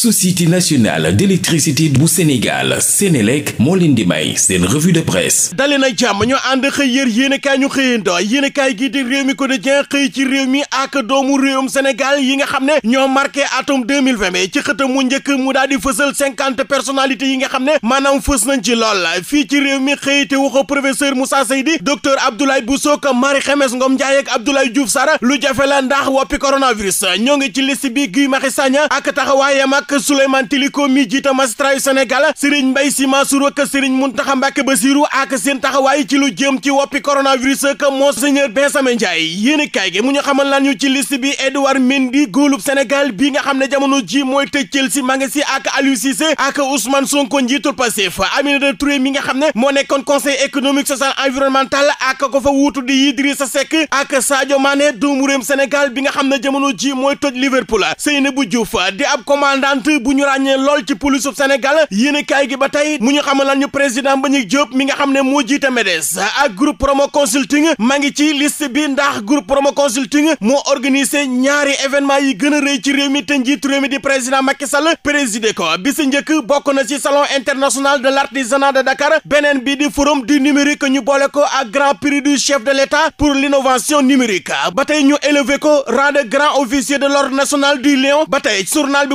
société nationale d'électricité bu Sénégal Sénélec moo leen di may seen revue de presse dali na jàmm ñu ànd xëy yër yéenekaay ñu xëyandoo yéenekaay gi di réew mi quotidien xëy ci réew mi ak doomu réewum Sénégal yi nga xam ne ñoo marqué atum 2020 bi ci xëtam mu njëkk mu daal di fësal personalité yi nga xam ne maanaam fës nañ ci lool fii ci réew mi xëyite waxo professeur Moussa Seydi docteur Abdoulaye Boussock Marie Khemesse Ngom Ndiaye ak Abdoulaye Diouf Sarr lu jafe la ndax woppi coronavirus ñoo ngi ci liste bi Guy Marius Sagna ak ak Souleymane Teliko mi jiite magistrat yu Sénégal Serigne Mbaye Sy Mansour ak Serigne Mountakha Mbacké Bassirou ak seen taxawaay ci lu jëm ci woppi coronavirus ak Monseigneur Benjamin Ndiaye yéen kaay gi mu ñu xamal lan ñu ci liste bi Edouard Mendy góolub Sénégal bi nga xam ne jamono ji mooy tëj Chelsea maa ngi si ak Aliou Cissé ak Ousmane Sonko njiitul Pastef Aminata Touré mi nga xam ne moo nekkoon conseil économique social environnemental ak ko fa wuutu di Idrissa Seck ak Sadio Mané doomu bi nga xam ne jamono ji mooy toj Liverpool Seynabou Diouf di ab commandant militant bu ñu ràññee lool ci police su Sénégal yéen kaay gi ba tey mu ñu xamal ñu président Mbagnick Diop mi nga xam ne moo jiite MEDES ak groupe promo consulting ma ngi ci liste bi ndax groupe promo consulting moo organiser ñaari événement yi gën a rëy ci réew mi te njiit réew mi di président Macky Sall présidé ko bi si njëkk bokk na ci salon international de l'artisanat de Dakar beneen bi di forum du numérique ñu boole ko ak grand prix du chef de l'État pour l'innovation numérique ba tey ñu élevé ko rang de grand officier de l'ordre national du Lion ba tey journal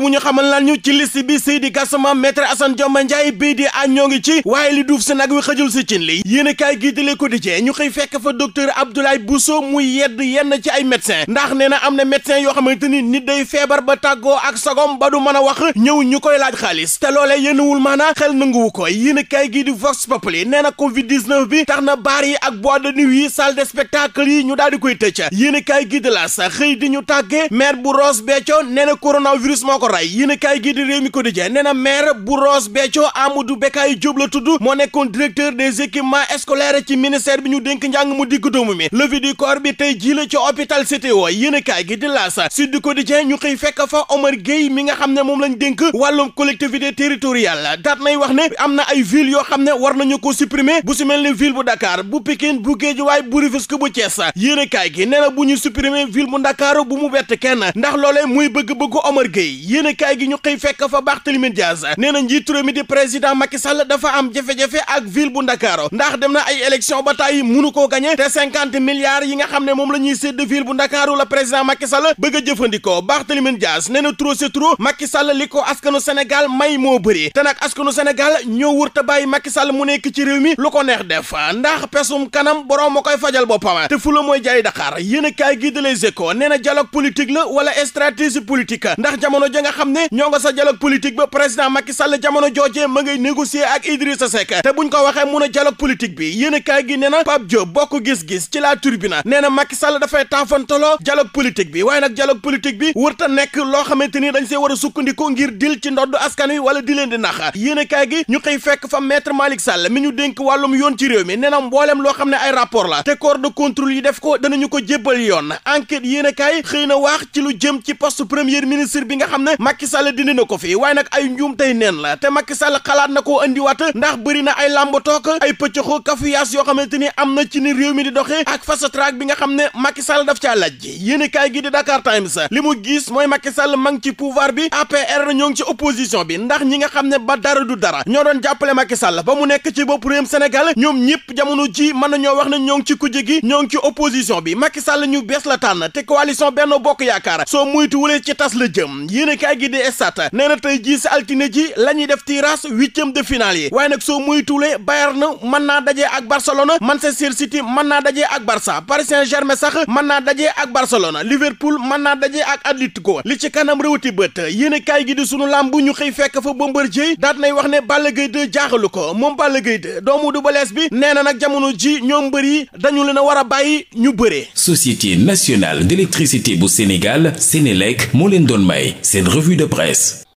xamal ñu ci liste bi Seydi Gassama maître Assane Dioma Ndiaye bii di ñoo ngi ci waaye li duuf si nag wi xëjul si cin li yéen a kaay gii di Le Quotidien ñu xëy fekk fa docteur Abdoulaye Bousso muy yedd yenn ci ay médecin ndax nee na am na médecin yoo xamante ni nit day feebar ba tàggoo ak sagom ba du mën a wax ñëw ñu koy laaj xaalis te loolee yéenawul maanaa xel nanguwu ko yéen a kaay gii di Vox Populi nee na bi tax na baar yi ak boîte de nuit yi salle de spectacle di koy tëcc yéen a kaay gii di la sax xëy ñu tàggee maire bu Ross Béthio nee na coronavirus moo kaay gi di réew mi quotidien nee na maire bu Ross Béthio Amadou Bekay Diop la tudd moo nekkoon directeur des équipements scolaires ci ministère bi ñu dénk njàng mu digg doomu mi levée du corps bi tey jii la ci hôpital CTO yéen a kaay gi di laas Sud Quotidien ñu xëy fekk fa Omar Gueye mi nga xam ne moom lañ dénk wàllum collectivité territoriale daat nay wax ne am na ay ville yoo xam ne war nañu ko supprimer bu si mel ni ville bu Dakar bu Pikine bu Guédiawaye bu Rufisque bu Thiès yéen a kaay gi nee na bu ñu supprimer ville bu Dakar bu mu bett kenn ndax loolee muy bëgg-bëggu Omar Gueye yéen a ñu xëy fekk fa Barthélémy Dias nee na njiitu réew mi di président Macky dafa am jafe-jafe ak ville bu Ndakaaru ndax dem na ay élection ba tàyyi munu koo gañe te cinquante milliards yi nga xam ne moom la ñuy sédd ville bu Ndakaaru la président Macky Sall bëgg a jëfandikoo Barthélémy Dias nee na trop c'est trop Macky Sall li ko askanu Sénégal may moo bëri te nag askanu Sénégal ñoo wër te bàyyi Macky Sall mu nekk ci réew mi lu ko neex def ndax pesum kanam borom ma koy fajal boppam te fu la mooy jaay Dakar yéen a kaay gi de Les la wala stratégie politique ndax jamono ñongo sa dialogue politique ba président Macky Sall jamono bi yéen na Pape bi waaye nag dialogue politique bi wërta loo ni dañ see war a sukkandiku ngir dil ci ndodd askan a kaay gi ñu xëy yoon ci réew mi loo xam ne ay rapport la te corps de contrôle yi def ko danañu ko jébbal yoon enquête yéen a xëy na wax ci lu jëm ci poste premier ministre bi nga xam ne Macky Sall dindi na ko fi waaye nag ay njuum tey neen la te Macky Sall xalaat na koo andiwaat ndax bëri na ay làmb took ay pëccaxoo kafuyaas yoo xamante ni am na ci ni réew mi di doxee ak fast track bi nga xam ne Macky Sall daf caa lajj yéen kaay gi di Dakar Times li mu gis mooy Macky Sall ma ngi ci pouvoir bi APR ñoo ngi ci opposition bi ndax ñi nga xam ne ba dara du dara ñoo doon jàppale Macky Sall ba mu nekk ci bopp réewum Sénégal ñoom ñëpp jamono ji mën na ñoo wax ne ñoo ci kujje gi ñoo ngi ci opposition bi Macky Sall ñu bees la tànn te coalition Benno Bokk Yaakaar soo muytuwulee ci tas la jëm yéen kaay gi stade nee na tey jii si altine ji la ñuy def tirage huitième de finale yi waaye nag soo moytuwulee Bayern mën naa daje ak man Barcelone Manchester City mën naa daje ak Barça Paris Saint-Germain sax man naa daje ak Barcelone Liverpool mën naa daje ak Atlético li ci kanam rawati bët yéen kaay gi di sunu làmb ñu xëy fekk fa Bombardier daat nay wax ne Balla Gaye 2 jaaxalu ko moom bal Gaye 2 doomu du balees bi nee na nag jamono ji ñoom mbër yi dañu leen a war a bàyyi ñu bëree. Société nationale d'électricité bu Sénégal Sénélec moo leen doon may seen revue de presse. Express.